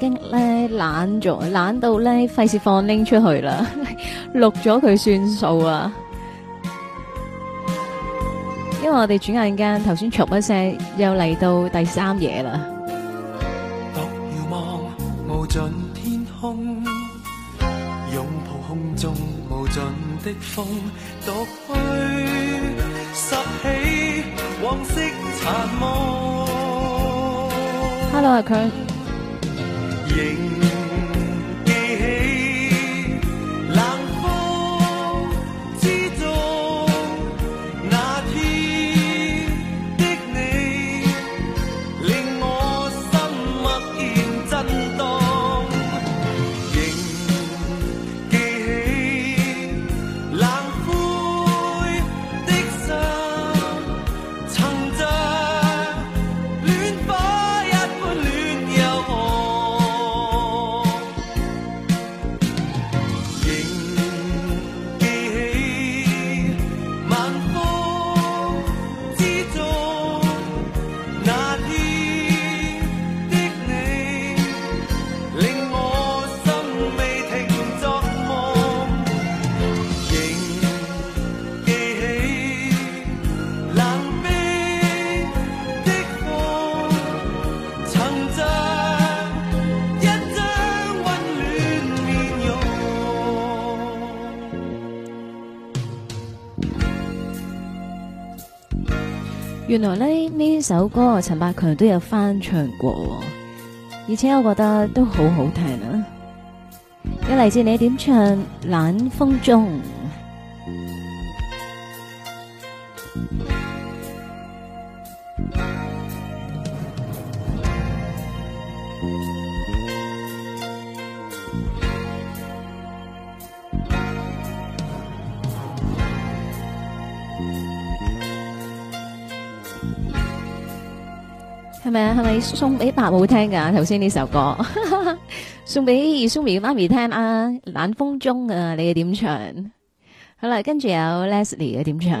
驚咧懶咗，懶到咧，費事放拎出去啦，錄咗佢算數啊！因為我哋轉眼間頭先嘈一聲，又嚟到第三夜啦。獨遙望無盡天空，擁抱空中無盡的風，獨去拾起往昔殘夢。Hello 阿強。原來呢首歌陳百強都有翻唱過，而且我覺得都好好聽啊！有嚟自你點唱《冷風中》。是是送俾伯母聽噶，頭先呢首歌， 送俾蘇眉嘅媽咪聽啊，《冷風中》啊，你哋點唱？好啦，跟住有 Leslie 嘅點唱。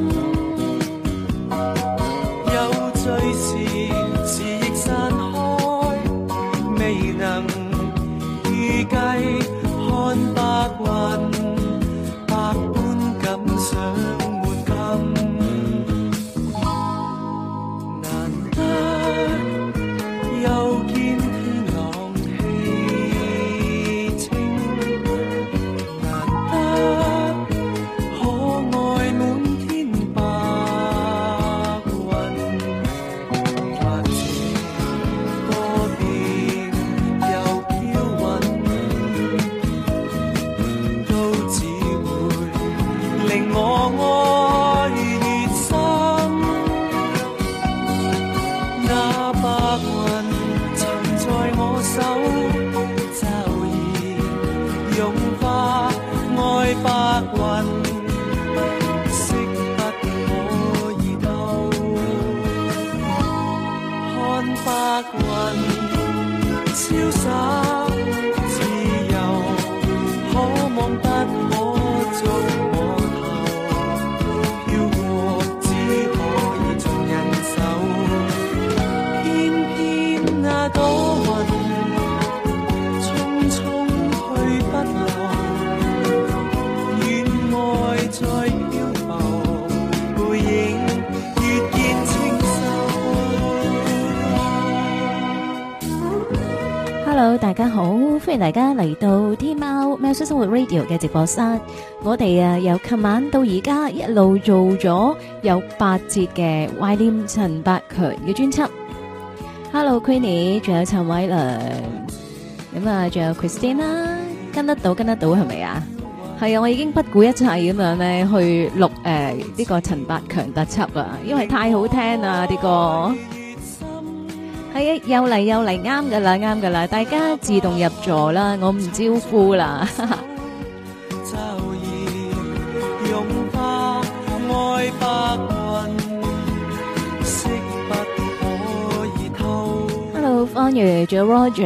歡迎大家嚟到天喵喵式生活 radio 嘅直播室，啊，我哋啊由琴晚到而家一路做咗有八節嘅懷念陳百強嘅專輯。Hello，Queenie，仲有陳偉良，咁啊，仲有 Christine 啦，跟得到跟得到係咪啊？係啊，我已經不顧一切咁樣咧去錄誒呢，呃這個陳百強特輯啊，因為太好聽啦呢，這個。係啊，又嚟又嚟，啱㗎喇，啱㗎喇，大家自動入座啦，我唔招呼啦。哈，Hello，芳如，仲有 Roger。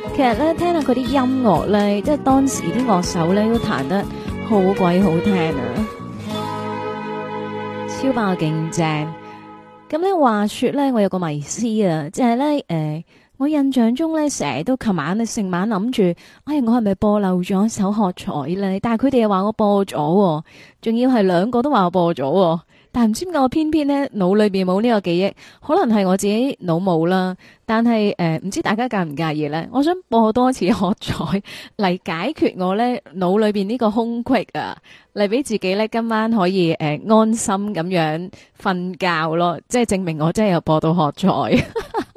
其實咧，聽下佢啲音樂咧，即係當時啲樂手咧都彈得好鬼好聽啊，超爆勁正。咁咧，話說咧，我有個迷思啊，即係咧，誒、哎，我印象中咧，成日都琴晚咧成晚諗住，哎，我係咪播漏咗一首喝彩咧？但係佢哋又話我播咗，仲要係兩個都話我播咗。但唔知點解我偏偏咧腦裏邊冇呢個記憶，可能係我自己腦冇啦。但係誒，唔、呃、知大家介唔介意呢？我想播多次喝彩嚟解決我咧腦裏邊呢個空隙啊，嚟俾自己咧今晚可以誒、呃、安心咁樣瞓覺咯。即係證明我真係有播到喝彩，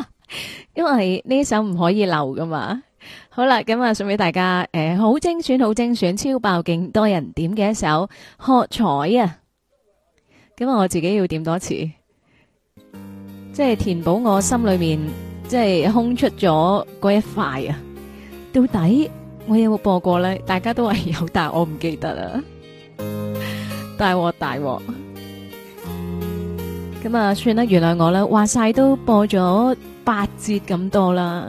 因為呢首唔可以留噶嘛。好啦，咁、嗯、啊，送俾大家誒、呃，好精選，好精選，超爆勁多人點嘅一首喝彩啊！咁啊，我自己要點多次，即係填補我心裡面，即係空出咗嗰一塊啊！到底我有冇播過咧？大家都話有，但係我唔記得啦！大鑊大鑊！咁啊，算啦，原諒我啦，話晒都播咗八節咁多啦。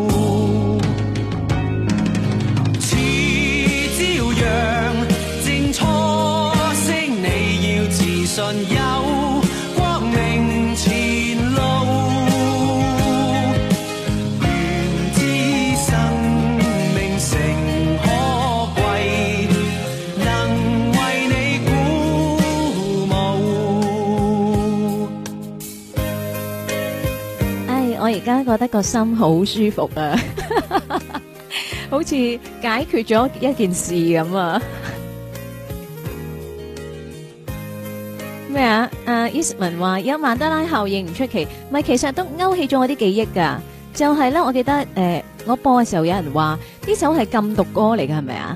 而家覺得個心好舒服啊，好似解決咗一件事咁啊！咩啊？誒，Isman 話有曼德拉效應唔出奇，咪其實都勾起咗我啲記憶噶。就係咧，我記得誒，我播嘅時候有人話呢首係禁毒歌嚟嘅，係咪啊？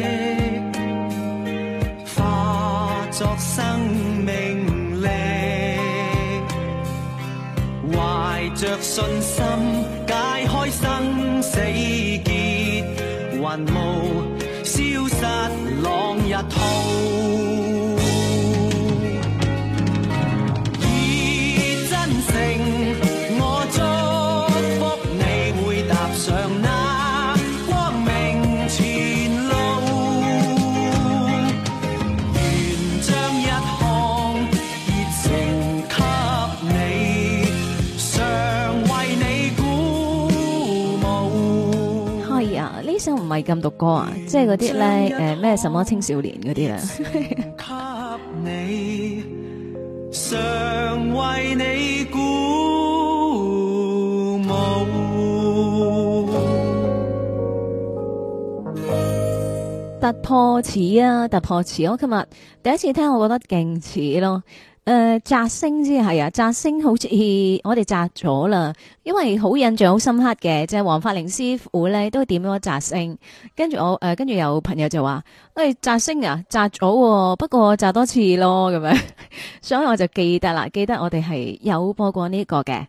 生唔係咁獨歌啊，即係嗰啲咧，誒咩什麼青少年嗰啲啊？「常為你鼓舞」，突破似啊，突破似啊，我琴日第一次聽，我覺得勁似咯。誒、呃，摘星之係啊，摘星好似我哋摘咗啦，因為好印象好深刻嘅，即係黃發玲師傅咧都點樣摘星，跟住我誒、呃，跟住有朋友就話，誒、欸、摘星啊摘咗，啊，不過摘多次咯咁樣， 所以我就記得啦，記得我哋係有，有、啊、有，有播過呢個嘅。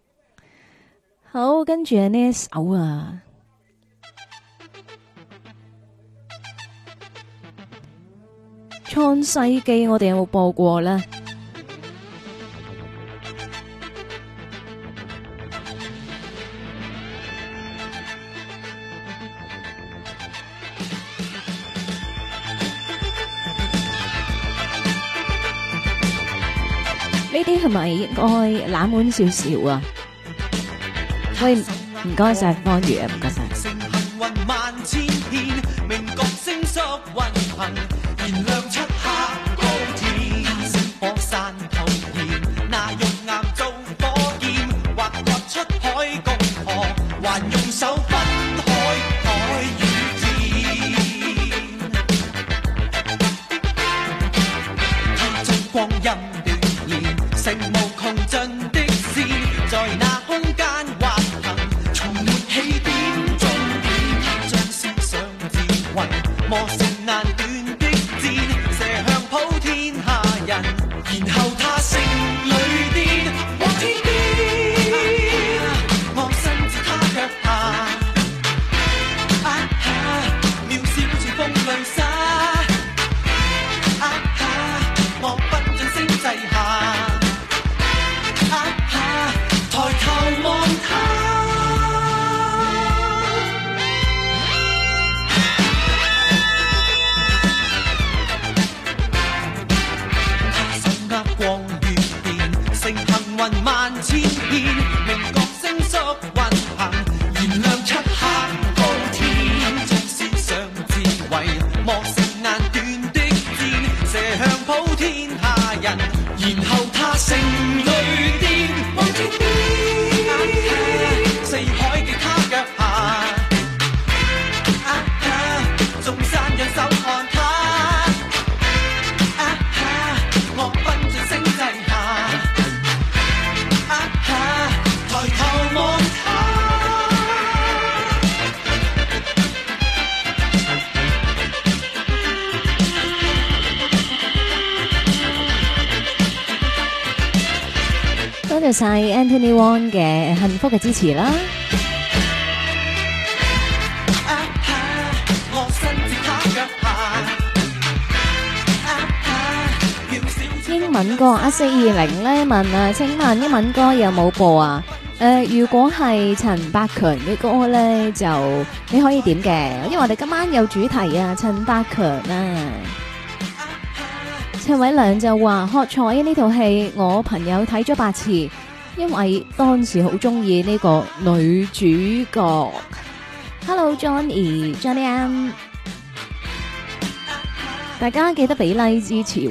好，跟住呢一首啊，《創世記》，我哋有冇播過咧？係咪應該冷門少少啊？喂，唔該晒方宇啊，唔該晒。晒 Anthony Wong 嘅幸福嘅支持啦。英文歌一四二零咧問啊，請問英文歌有冇播啊？誒，如果係陳百強嘅歌咧，就你可以點嘅，因為我哋今晚有主題啊，陳百強啊。陳偉良就話《喝彩》呢套戲，我朋友睇咗八次。因為當時好鍾意呢個女主角。Hello Johnny Johnny M，大家記得俾 like 支持。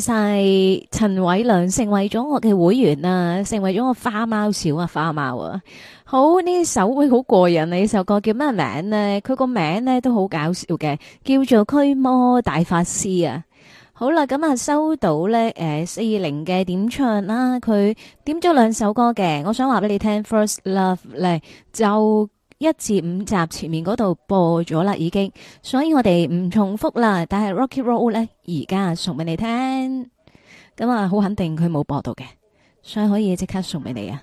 晒陳偉良成為咗我嘅會員啊，成為咗我花貓小啊，花貓啊！好呢首會好、哎、過癮啊！呢首歌叫咩名呢？佢個名咧都好搞笑嘅，叫做《驅魔大法師》啊！好啦，咁、嗯、啊收到咧，誒、呃，四二零嘅點唱啦，佢點咗兩首歌嘅，我想話俾你聽《First Love》咧就。一至五集前面嗰度播咗啦，已經，所以我哋唔重複啦。但係《Rocky Roll》咧，而家送俾你聽，咁啊，好肯定佢冇播到嘅，所以可以即刻送俾你啊。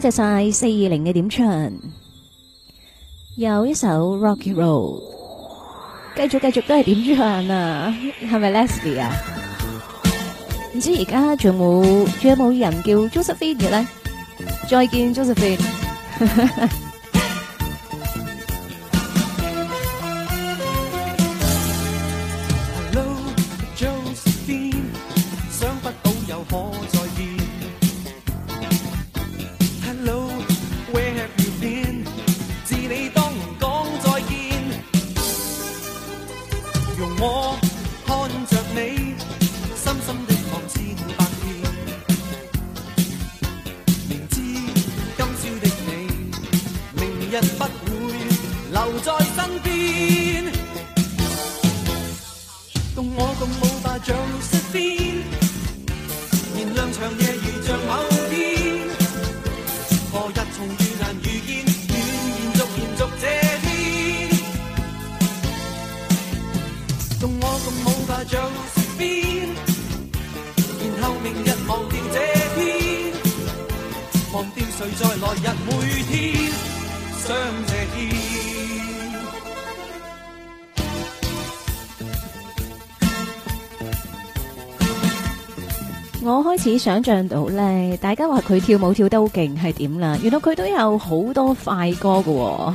多謝晒四二零嘅點唱，又一首 Rocky Road，繼續繼續都係點唱啊？係咪 Leslie 啊？唔知而家仲有冇仲有冇人叫 Josephine 嘅咧？再見 Josephine。你想象到咧？大家話佢跳舞跳得好勁係點啦？原來佢都有好多快歌㗎。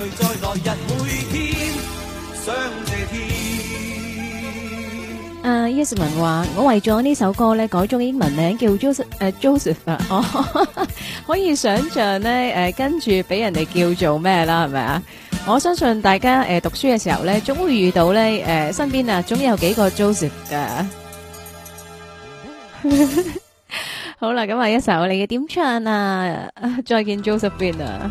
在來日每天誒，Esmen 話：我為咗呢首歌咧改咗英文名，叫 Joseph、uh, 誒，Joseph 啊！Oh, 可以想象咧，誒、呃、跟住俾人哋叫做咩啦，係咪啊？我相信大家誒、呃、讀書嘅時候咧，總會遇到咧，誒、呃、身邊啊總有幾個 Joseph 噶。 好啦，咁下一首你嘅點唱啊？再見 Joseph 啊！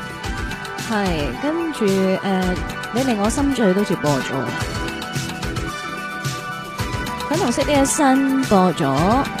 係，跟住、呃、你令我心醉都似播咗，粉紅色呢一生播咗。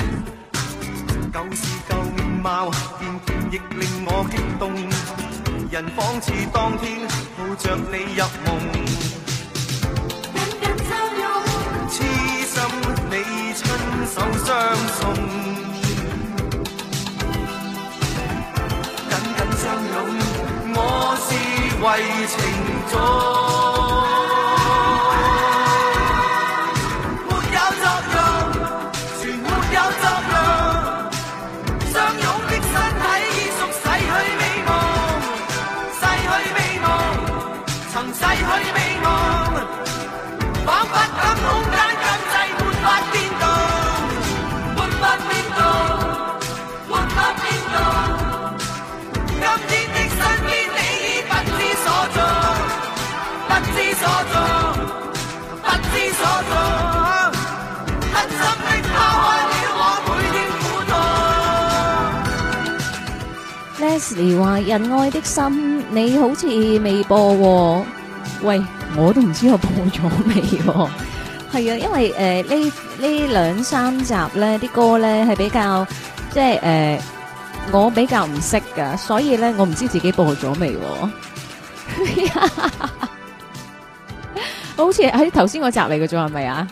你話人愛的心，你好似未播？喂，我都唔知我播咗未？係啊，因為誒呢呢兩三集咧，啲歌咧係比較即係誒，我比較唔識噶，所以咧我唔知自己播咗未？好似喺頭先嗰集嚟嘅啫，係咪啊？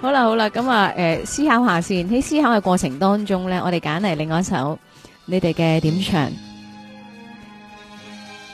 好啦好啦，咁啊誒思考下先。喺思考嘅過程當中咧，我哋揀嚟另外一首你哋嘅點唱。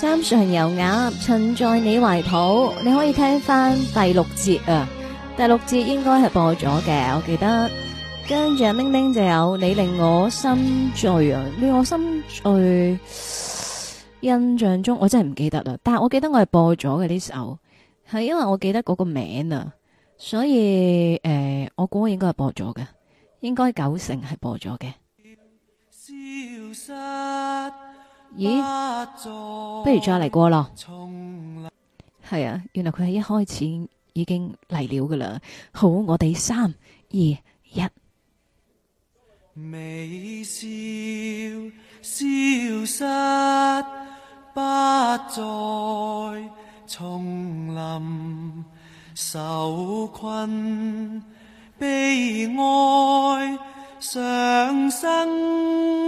三上油鴨，趁在你懷抱，你可以聽翻第六節啊！第六節應該係播咗嘅，我記得。跟住阿明明就有你令我心醉啊，令我心醉。印象中我真係唔記得啦，但係我記得我係播咗嘅呢首，係因為我記得嗰個名啊，所以誒、呃，我估我應該係播咗嘅，應該九成係播咗嘅。咦，不如再嚟過咯？係啊，原來佢係一開始已經嚟了噶啦。好，我哋三二一，微笑消失，不再重臨，受困悲哀上生。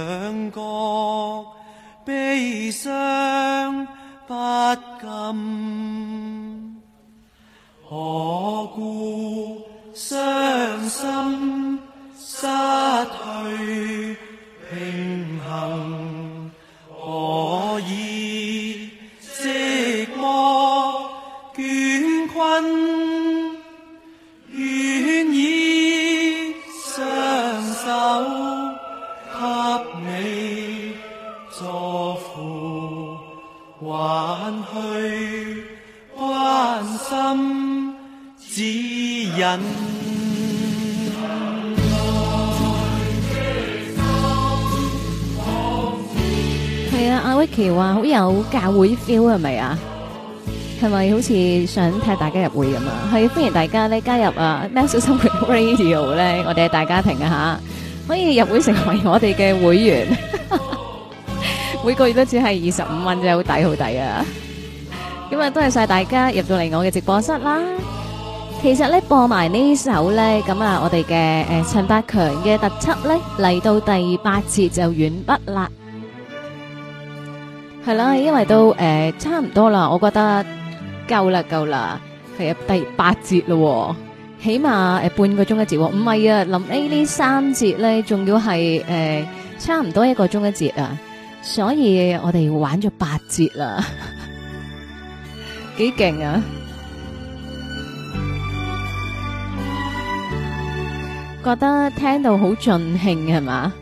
教會 feel 係咪啊？係咪好似想睇大家入會咁啊？係歡迎大家咧加入啊！喵式生活 Radio 咧，我哋係大家庭啊吓，可以入會成為我哋嘅會員， 每個月都只係二十五蚊啫，好抵好抵啊！咁啊， 多謝晒大家入到嚟我嘅直播室啦。其實咧播埋呢首咧，咁啊，我哋嘅誒陳百強嘅特輯咧嚟到第八節就完畢啦。係啦，因為都誒、呃、差唔多啦，我覺得夠啦夠啦，係第八節咯、哦，起碼誒、呃、半個鐘一節、哦，唔係啊，臨 A 三節呢三節咧，仲要係誒、呃、差唔多一個鐘一節啊，所以我哋玩咗八節啦，幾勁啊！覺得聽到好盡興係嘛，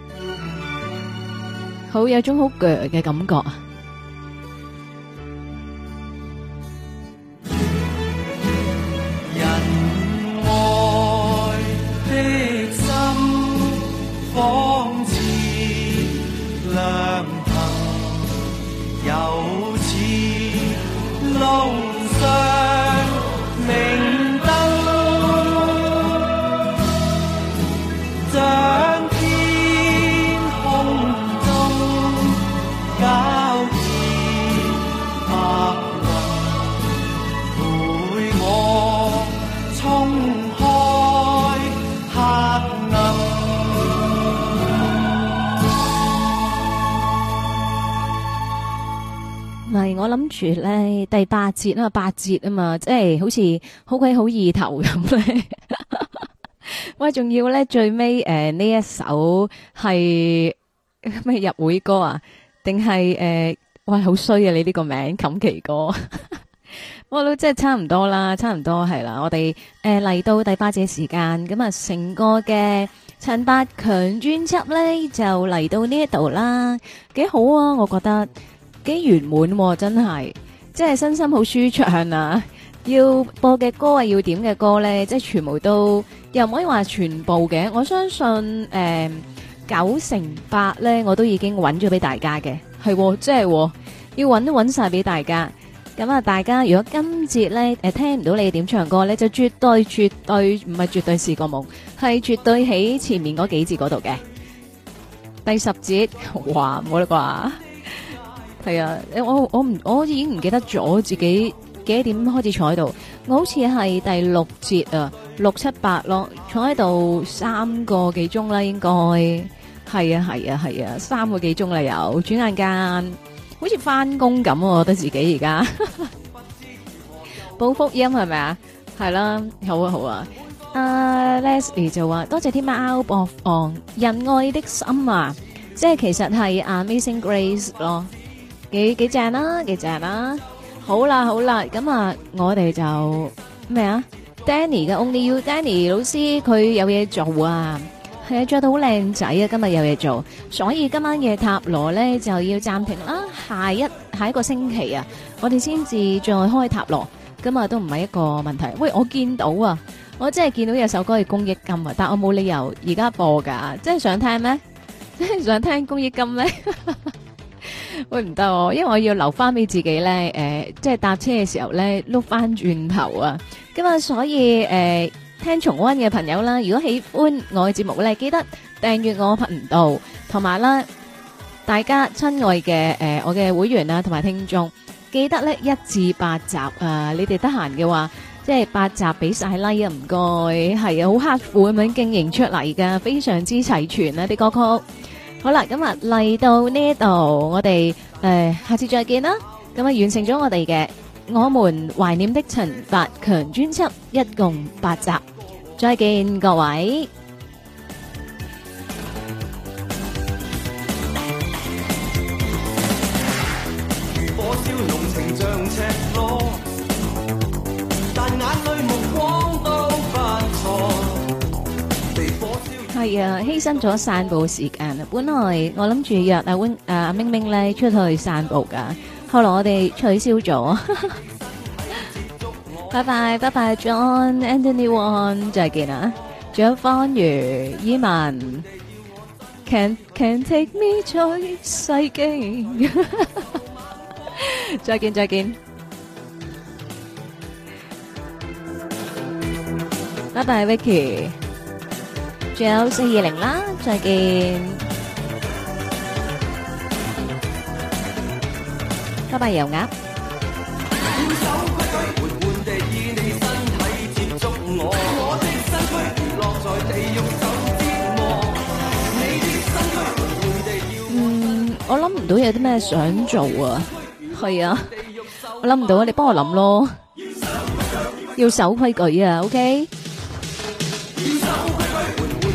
好有種好鋸嘅感覺啊！諗住咧第八節啊嘛，八節啊嘛，即、欸、係好似好鬼好意頭咁咧。喂，仲要咧最尾誒呢一首係咩入會歌啊？定係誒？喂、呃，好衰啊！你呢個名冚奇歌。 我都即係差唔多啦，差唔多係啦。我哋誒嚟到第八節時間，咁啊成個嘅陳百強專輯咧就嚟到呢一度啦，幾好啊！我覺得。幾圓滿真係，即係身心好舒暢啊！要播嘅歌啊，要點嘅歌咧，即係全部都，又唔可以話全部嘅。我相信誒、呃，九成八咧，我都已經揾咗俾大家嘅。係，即係要揾都揾晒俾大家。咁啊，大家如果今節咧誒聽唔到你點唱歌咧，就絕對絕對唔係絕對試過是個夢，係絕對喺前面嗰幾節嗰度嘅第十節，哇冇啦啩！係啊，我我唔我已經唔記得咗自己幾多點開始坐喺度。我好似係第六節啊，六七八咯，坐喺度三個幾鐘啦，應該係啊，係啊，係啊，三個幾鐘啦。又轉眼間好似翻工咁，我覺得自己而家報福音係咪啊？係啦，好啊，好啊。阿 Leslie 就話多謝天喵播放仁愛的心啊，即係其實係阿 Amazing Grace 咯。幾幾正啦，幾正啦！好啦好啦，咁啊，我哋就咩啊？Danny 嘅 Only You，Danny 老師佢有嘢做啊，係啊，着得好靚仔啊！今日有嘢做，所以今晚嘅塔羅咧就要暫停啦。下一下一個星期啊，我哋先至再開塔羅，咁啊都唔係一個問題。喂，我見到啊，我真係見到有首歌係公益金啊，但我冇理由而家播噶，真係想聽咩？真係想聽公益金咩？會唔得喎，因為我要留翻俾自己咧，誒、呃，即係搭車嘅時候咧碌翻轉頭啊！咁啊，所以誒、呃，聽重温嘅朋友啦，如果喜歡我嘅節目咧，記得訂閱我頻道，同埋啦，大家親愛嘅誒、呃，我嘅會員啊，同埋聽眾，記得咧一至八集啊，你哋得閒嘅話，即係八集俾晒 like 啊，唔該，係啊好刻苦咁樣經營出嚟噶，非常之齊全啊啲歌曲。好啦，今日嚟到呢度，我哋誒、呃、下次再見啦。咁、嗯、啊，完成咗我哋嘅《我們懷念的陳百強》專輯，一共八集。再見各位。係啊，犧牲咗散步時間啦。本來我諗住約阿 Win 阿明明咧出去散步噶，後來我哋取消咗。拜拜拜拜，John，Anthony，One，再見啊，John 方如，伊萬，Can Can take me 在世境，再見再見。拜拜，Vicky。仲有四二零啦，再見，拜拜油鴨。嗯，我諗唔到有啲咩想做啊，係啊，我諗唔到啊，你幫我諗咯，要守規矩啊，OK。